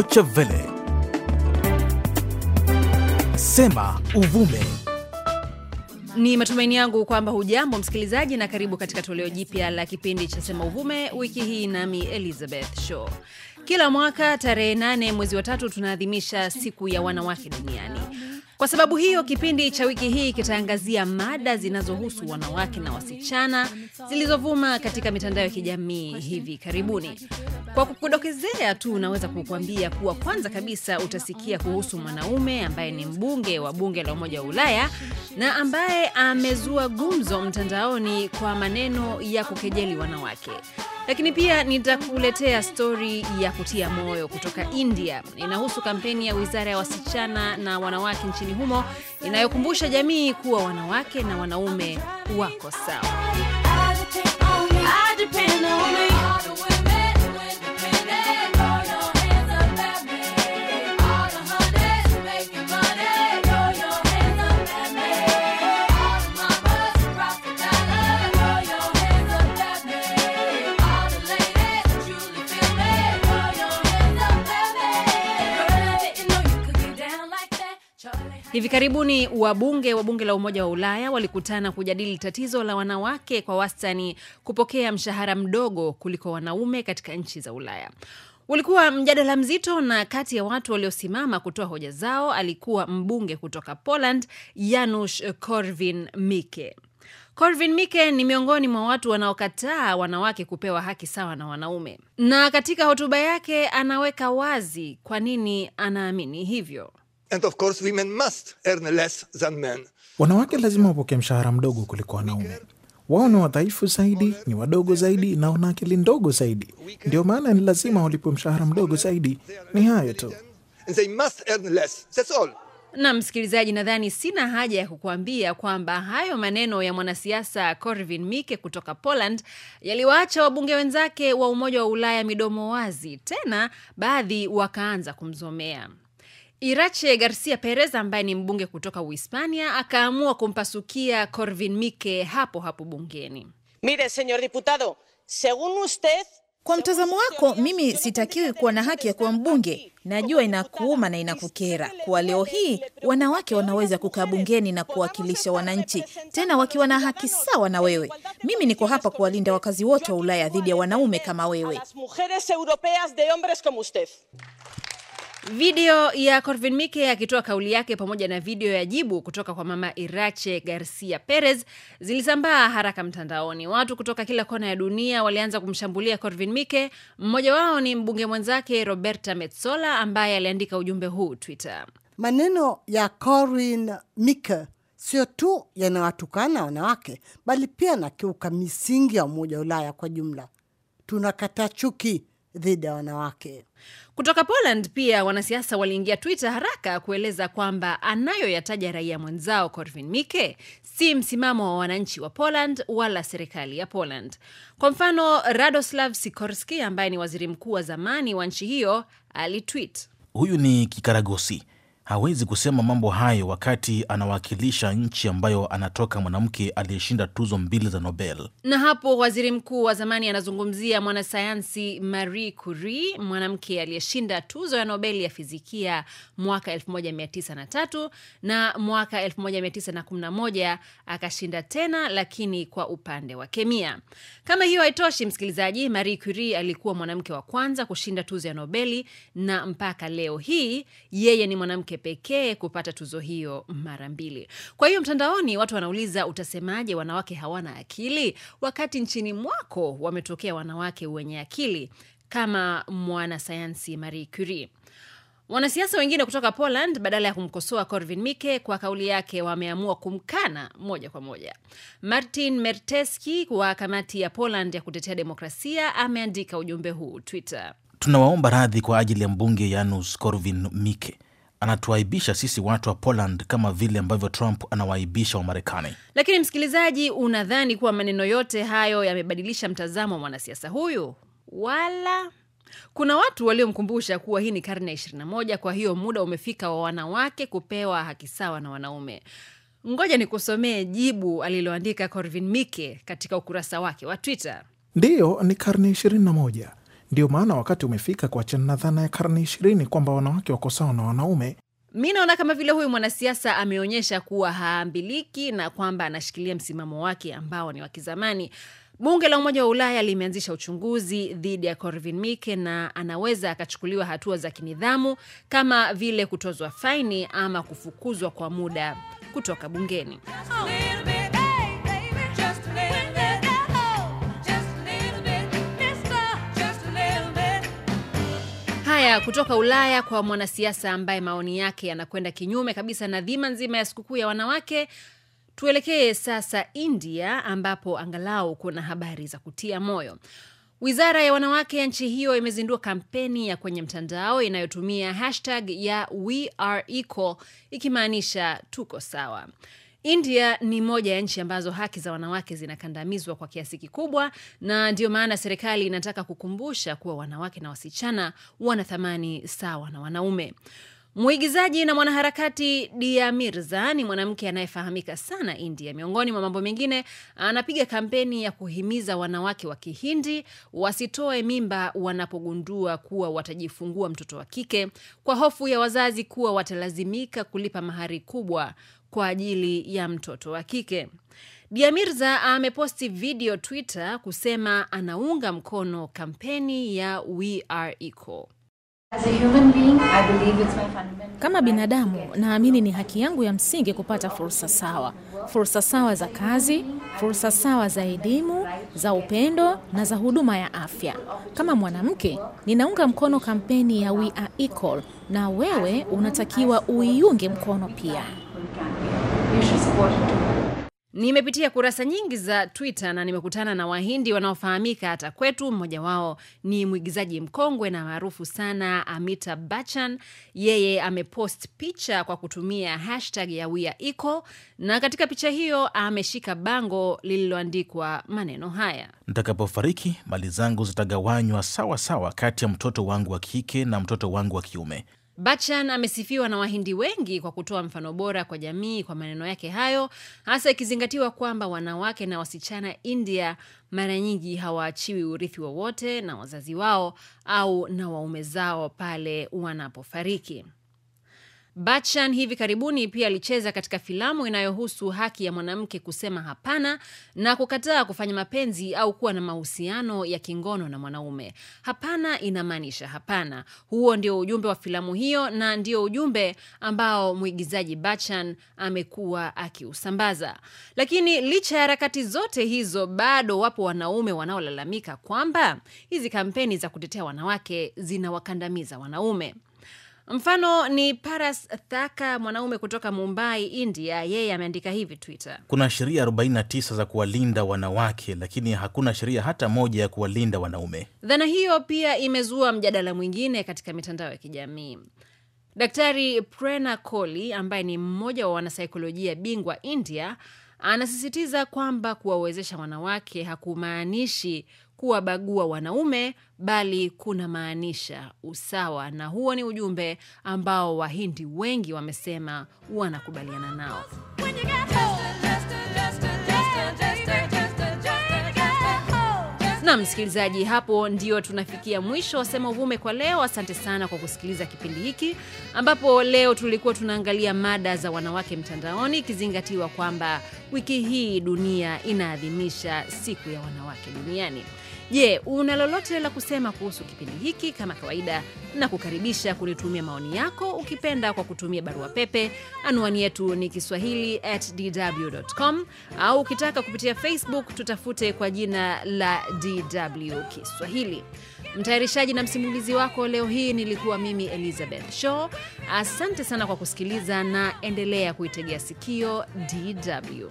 Deutsche Welle. Sema Uvume. Ni matumaini yangu kwamba hujambo msikilizaji, na karibu katika toleo jipya la kipindi cha Sema Uvume, wiki hii nami Elizabeth Shaw. Kila mwaka tarehe 8 mwezi wa tatu tunaadhimisha siku ya wanawake duniani. Kwa sababu hiyo, kipindi cha wiki hii kitaangazia mada zinazohusu wanawake na wasichana zilizovuma katika mitandao ya kijamii hivi karibuni. Kwa kukudokezea tu, unaweza kukuambia kuwa kwanza kabisa utasikia kuhusu mwanaume ambaye ni mbunge wa bunge la Umoja wa Ulaya na ambaye amezua gumzo mtandaoni kwa maneno ya kukejeli wanawake lakini pia nitakuletea stori ya kutia moyo kutoka India. Inahusu kampeni ya wizara ya wasichana na wanawake nchini humo inayokumbusha jamii kuwa wanawake na wanaume wako sawa. Hivi karibuni wabunge wa bunge la Umoja wa Ulaya walikutana kujadili tatizo la wanawake kwa wastani kupokea mshahara mdogo kuliko wanaume katika nchi za Ulaya. Ulikuwa mjadala mzito, na kati ya watu waliosimama kutoa hoja zao alikuwa mbunge kutoka Poland, Janusz Korwin Mikke. Corvin Mike ni miongoni mwa watu wanaokataa wanawake kupewa haki sawa na wanaume, na katika hotuba yake anaweka wazi kwa nini anaamini hivyo. And of course women must earn less than men. Wanawake lazima wapokee mshahara mdogo kuliko wanaume. Wao ni wadhaifu zaidi, ni wadogo zaidi na wana akili ndogo zaidi. Ndio maana ni lazima walipwe mshahara mdogo zaidi. Ni hayo tu. And they must earn less. That's all. Na msikilizaji, nadhani sina haja ya kukuambia kwamba hayo maneno ya mwanasiasa Corvin mike kutoka Poland yaliwaacha wabunge wenzake wa Umoja wa Ulaya midomo wazi, tena baadhi wakaanza kumzomea. Irache Garcia Perez ambaye ni mbunge kutoka Uhispania akaamua kumpasukia Corvin Mike hapo hapo bungeni. Mire señor diputado, según usted kwa mtazamo wako, mimi sitakiwi kuwa na haki ya kuwa mbunge. Najua inakuuma na inakukera kuwa leo hii wanawake wanaweza kukaa bungeni na kuwakilisha wananchi, tena wakiwa na haki sawa na wewe. Mimi niko hapa kuwalinda wakazi wote wa Ulaya dhidi ya wanaume kama wewe. Video ya Corvin Mike akitoa kauli yake pamoja na video ya jibu kutoka kwa mama Irache Garcia Perez zilisambaa haraka mtandaoni. Watu kutoka kila kona ya dunia walianza kumshambulia Corvin Mike. Mmoja wao ni mbunge mwenzake Roberta Metsola ambaye aliandika ujumbe huu Twitter. Maneno ya Corvin Mike sio tu yanawatukana wanawake, bali pia na kiuka misingi ya Umoja wa Ulaya kwa jumla. Tunakataa chuki, dhidi ya wanawake. Kutoka Poland pia wanasiasa waliingia Twitter haraka kueleza kwamba anayoyataja raia mwenzao Korvin Mike si msimamo wa wananchi wa Poland wala serikali ya Poland. Kwa mfano, Radoslav Sikorski ambaye ni waziri mkuu wa zamani wa nchi hiyo alitweet, huyu ni kikaragosi hawezi kusema mambo hayo wakati anawakilisha nchi ambayo anatoka mwanamke aliyeshinda tuzo mbili za Nobel. Na hapo waziri mkuu wa zamani anazungumzia mwanasayansi Marie Curie, mwanamke aliyeshinda tuzo ya Nobel ya fizikia mwaka 1903 na mwaka 1911 akashinda tena, lakini kwa upande wa kemia. Kama hiyo haitoshi, msikilizaji, Marie Curie alikuwa mwanamke wa kwanza kushinda tuzo ya Nobeli na mpaka leo hii yeye ni mwanamke pekee kupata tuzo hiyo mara mbili. Kwa hiyo mtandaoni watu wanauliza, utasemaje wanawake hawana akili, wakati nchini mwako wametokea wanawake wenye akili kama mwanasayansi Marie Curie. Wanasiasa wengine kutoka Poland badala ya kumkosoa corvin mike kwa kauli yake wameamua kumkana moja kwa moja. Martin Merteski wa kamati ya Poland ya kutetea demokrasia ameandika ujumbe huu Twitter: tunawaomba radhi kwa ajili ya mbunge Janusz Corvin Mike anatuaibisha sisi watu wa Poland kama vile ambavyo Trump anawaaibisha Wamarekani. Lakini msikilizaji, unadhani kuwa maneno yote hayo yamebadilisha mtazamo wa mwanasiasa huyu? Wala kuna watu waliomkumbusha kuwa hii ni karne ya 21, kwa hiyo muda umefika wa wanawake kupewa haki sawa na wanaume. Ngoja nikusomee jibu aliloandika Corvin Mike katika ukurasa wake wa Twitter. Ndiyo, ni karne 21 ndio maana wakati umefika kuachana na dhana ya karne ishirini kwamba wanawake wako sawa na wanaume. Mi naona kama vile huyu mwanasiasa ameonyesha kuwa haambiliki na kwamba anashikilia msimamo wake ambao ni wa kizamani. Bunge la Umoja wa Ulaya limeanzisha uchunguzi dhidi ya Corvin Mike na anaweza akachukuliwa hatua za kinidhamu kama vile kutozwa faini ama kufukuzwa kwa muda kutoka bungeni. Haya, kutoka Ulaya kwa mwanasiasa ambaye maoni yake yanakwenda kinyume kabisa na dhima nzima ya sikukuu ya wanawake. Tuelekee sasa India, ambapo angalau kuna habari za kutia moyo. Wizara ya wanawake ya nchi hiyo imezindua kampeni ya kwenye mtandao inayotumia hashtag ya We Are Equal, ikimaanisha tuko sawa. India ni moja ya nchi ambazo haki za wanawake zinakandamizwa kwa kiasi kikubwa, na ndiyo maana serikali inataka kukumbusha kuwa wanawake na wasichana wana thamani sawa na wanaume. Mwigizaji na mwanaharakati Dia Mirza ni mwanamke anayefahamika sana India. Miongoni mwa mambo mengine, anapiga kampeni ya kuhimiza wanawake wa Kihindi wasitoe mimba wanapogundua kuwa watajifungua mtoto wa kike kwa hofu ya wazazi kuwa watalazimika kulipa mahari kubwa kwa ajili ya mtoto wa kike. Dia Mirza ameposti video Twitter kusema anaunga mkono kampeni ya We Are Equal. Kama binadamu naamini ni haki yangu ya msingi kupata fursa sawa, fursa sawa za kazi, fursa sawa za elimu, za upendo na za huduma ya afya. Kama mwanamke, ninaunga mkono kampeni ya We Are Equal, na wewe unatakiwa uiunge mkono pia. Nimepitia kurasa nyingi za Twitter na nimekutana na Wahindi wanaofahamika hata kwetu. Mmoja wao ni mwigizaji mkongwe na maarufu sana Amita bachan Yeye amepost picha kwa kutumia hashtag ya iko, na katika picha hiyo ameshika bango lililoandikwa maneno haya: nitakapofariki mali zangu zitagawanywa sawa sawa kati ya mtoto wangu wa kike na mtoto wangu wa kiume. Bachchan amesifiwa na Wahindi wengi kwa kutoa mfano bora kwa jamii kwa maneno yake hayo, hasa ikizingatiwa kwamba wanawake na wasichana India mara nyingi hawaachiwi urithi wowote na wazazi wao au na waume zao pale wanapofariki. Bachchan hivi karibuni pia alicheza katika filamu inayohusu haki ya mwanamke kusema hapana na kukataa kufanya mapenzi au kuwa na mahusiano ya kingono na mwanaume. Hapana inamaanisha hapana. Huo ndio ujumbe wa filamu hiyo na ndio ujumbe ambao mwigizaji Bachchan amekuwa akiusambaza. Lakini licha ya harakati zote hizo, bado wapo wanaume wanaolalamika kwamba hizi kampeni za kutetea wanawake zinawakandamiza wanaume. Mfano ni Paras Thaka, mwanaume kutoka Mumbai, India. Yeye ameandika hivi Twitter: kuna sheria 49 za kuwalinda wanawake, lakini hakuna sheria hata moja ya kuwalinda wanaume. Dhana hiyo pia imezua mjadala mwingine katika mitandao ya kijamii. Daktari Prena Koli ambaye ni mmoja wa wanasaikolojia bingwa India anasisitiza kwamba kuwawezesha wanawake hakumaanishi kuwabagua wanaume, bali kuna maanisha usawa, na huo ni ujumbe ambao Wahindi wengi wamesema wanakubaliana nao. Na msikilizaji, hapo ndio tunafikia mwisho wa Sema Uvume kwa leo. Asante sana kwa kusikiliza kipindi hiki, ambapo leo tulikuwa tunaangalia mada za wanawake mtandaoni, ikizingatiwa kwamba wiki hii dunia inaadhimisha siku ya wanawake duniani. Je, una lolote la kusema kuhusu kipindi hiki? Kama kawaida, na kukaribisha kunitumia maoni yako ukipenda kwa kutumia barua pepe. Anwani yetu ni kiswahili at dw.com, au ukitaka kupitia Facebook tutafute kwa jina la DW Kiswahili. Mtayarishaji na msimulizi wako leo hii nilikuwa mimi Elizabeth Shaw. Asante sana kwa kusikiliza na endelea kuitegea sikio DW.